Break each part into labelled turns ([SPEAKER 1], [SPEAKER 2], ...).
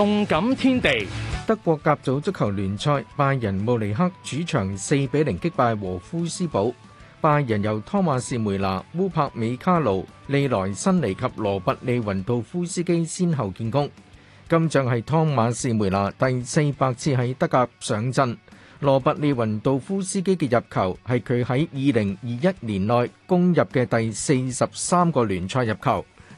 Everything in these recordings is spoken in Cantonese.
[SPEAKER 1] 動感天地，德國甲組足球聯賽拜仁慕尼黑主場4比0擊敗和夫斯堡，拜仁由湯馬士梅拿、烏柏美卡奴、利萊辛尼及羅伯利雲杜夫斯基先後建功。今仗係湯馬士梅拿第四百次喺德甲上陣，羅伯利雲杜夫斯基嘅入球係佢喺2021年內攻入嘅第四十三個聯賽入球。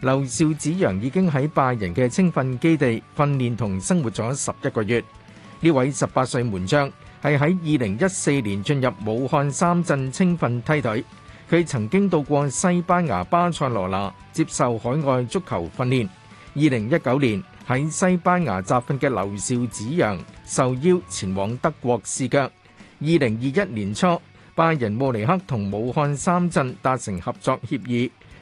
[SPEAKER 1] 劉邵子洋已經喺拜仁嘅青訓基地訓練同生活咗十一個月。呢位十八歲門將係喺二零一四年進入武漢三鎮青訓梯隊，佢曾經到過西班牙巴塞羅那接受海外足球訓練。二零一九年喺西班牙集訓嘅劉邵子洋受邀前往德國試腳。二零二一年初，拜仁慕尼黑同武漢三鎮達成合作協議。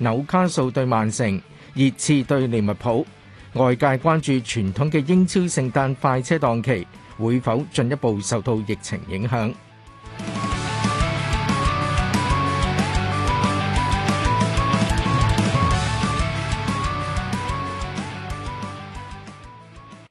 [SPEAKER 1] 紐卡素對曼城，熱刺對利物浦，外界關注傳統嘅英超聖誕快車檔期會否進一步受到疫情影響。